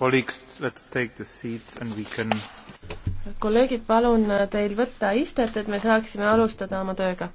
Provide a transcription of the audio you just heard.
Can... kolleegid, palun teil võtta istet, et me saaksime alustada oma tööga